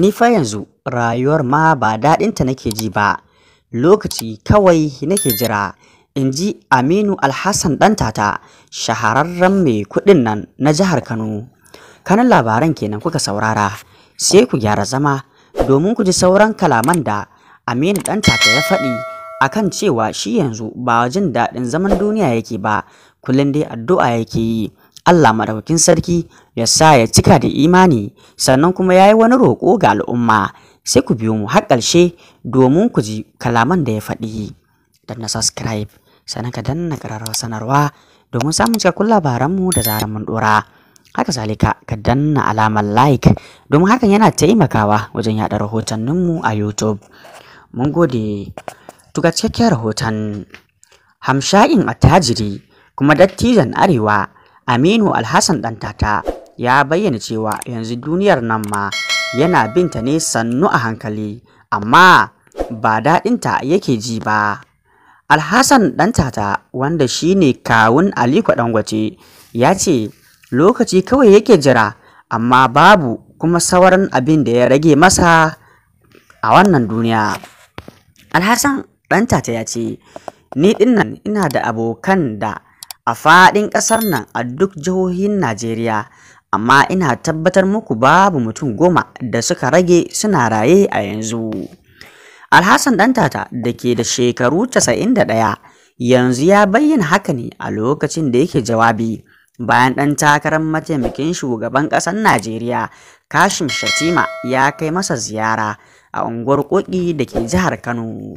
Ni fa yanzu rayuwar ma ba daɗinta nake ji ba, lokaci kawai nake jira,” inji Aminu Alhassan Ɗantata, shahararren mai kuɗin nan na jihar Kano. kanan labaran kenan kuka saurara, sai ku gyara zama domin ku ji sauran kalaman da Aminu Ɗantata ya faɗi a kan cewa shi yanzu ba jin daɗin zaman duniya yake ba, kullum dai addu'a yake yi. Allah madaukakin sarki ya sa ya cika da imani sannan kuma ya yi wani roƙo ga al'umma sai ku biyo mu har ƙarshe domin ku ji kalaman da ya faɗi danna subscribe sannan ka danna ƙararrawa sanarwa domin samun cikakkun mu da zarar mun ɗora haka zalika ka danna alamar like domin hakan yana taimakawa wajen yaɗa rahotanninmu a youtube mun gode tuga cikakken rahoton hamsha'in attajiri kuma dattijan arewa Aminu Alhassan Dantata ya bayyana cewa yanzu duniyar nan ma yana binta ne sannu a hankali amma ba daɗinta yake ji ba. Alhassan Dantata wanda shi ne kawun Aliko Dangote ya ce lokaci kawai yake jira amma babu kuma sauran abin da ya rage masa a wannan duniya. Alhassan Dantata ya ce ni dinnan ina da abokan da a faɗin ƙasar nan a duk jihohin Najeriya, amma ina tabbatar muku babu mutum goma da suka rage suna raye a yanzu. Alhassan Ɗantata da ke da shekaru 91 yanzu ya bayyana haka ne a lokacin da yake jawabi bayan ɗan takarar mataimakin shugaban ƙasar Najeriya Kashim Shatima ya kai masa ziyara a unguwar Koki da ke jihar Kano.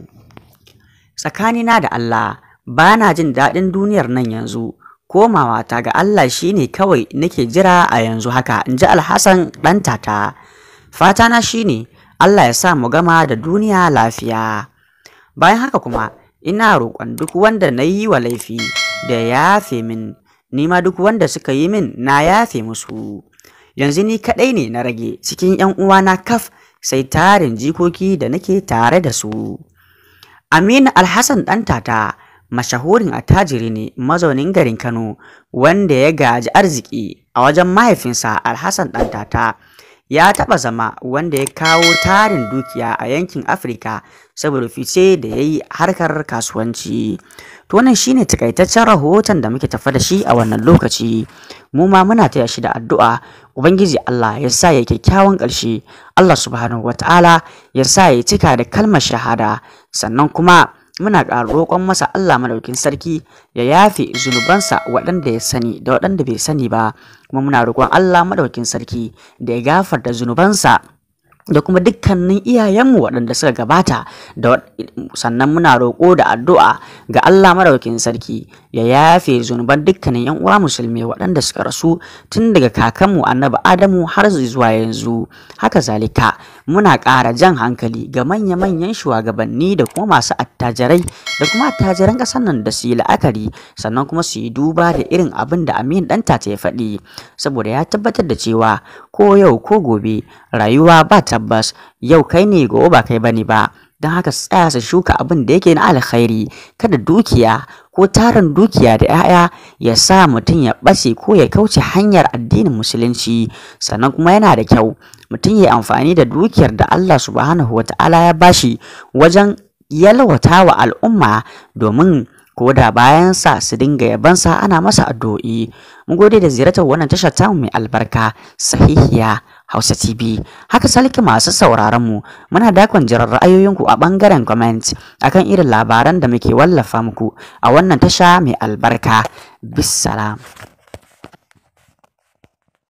Tsakanina da Allah. ba na jin daɗin duniyar nan yanzu komawa ta ga Allah shi ne kawai nake jira a yanzu haka in ji alhassan ɗanta ta. fata na ne Allah ya sa mu gama da duniya lafiya bayan haka kuma ina roƙon duk wanda na yi wa laifi da yafe min nima duk wanda suka yi min na yafe musu yanzu ni kaɗai ne na rage cikin 'yan uwana kaf sai tarin jikoki da nake tare da su Aminu Alhassan ɗanta ta. mashahurin attajiri ne mazaunin garin Kano wanda ya gaji arziki a wajen mahaifinsa Alhassan Dantata. Ya taɓa zama wanda ya kawo tarin dukiya a yankin Afirka saboda fice da ya yi harkar kasuwanci. To wannan shine takaitaccen rahoton da muke tafa da shi a wannan lokaci. Mu ma muna taya shi da addu'a Ubangiji Allah ya sa ya kyakkyawan ƙarshe, Allah subhanahu wata'ala ta'ala ya sa ya cika da kalmar shahada, sannan kuma muna ƙara roƙon masa Allah madaukin sarki ya yafe zunubansa waɗanda ya sani da waɗanda bai sani ba kuma muna roƙon Allah madaukin sarki da ya gafarta zunubansa da kuma dukkanin iyayenmu waɗanda suka gabata da sannan muna roƙo da addu'a ga Allah madaukin sarki ya yafe zunuban dukkanin yan uwa musulmi waɗanda suka rasu tun daga kakanmu annabi Adamu har zuwa yanzu haka zalika muna ƙara jan hankali ga manya-manyan shugabanni da kuma masu attajirai da kuma attajiran ƙasar nan da su yi la'akari sannan kuma su yi duba da irin abin da Amin ɗan tace ya faɗi saboda ya tabbatar da cewa ko yau ko gobe rayuwa ba tabbas yau kai ne gobe ba kai bane ba don haka su tsaya su shuka abin da yake na alkhairi kada dukiya ko tarin dukiya da 'ya'ya ya sa mutum ya ɓace ko ya kauce hanyar addinin musulunci sannan kuma yana da kyau mutum ya amfani da dukiyar da Allah subhanahu wata'ala ya bashi wajen yalwata wa al'umma domin ko da bayan sa su dinga yabansa ana masa addu'o'i mun gode da ziyartar wannan tashar ta mai albarka sahihiya Hausa TV. Haka saliki masu sauraron mu muna dakon jiran ra'ayoyinku a bangaren comment akan irin labaran da muke wallafa muku a wannan tasha mai albarka. Bissalam.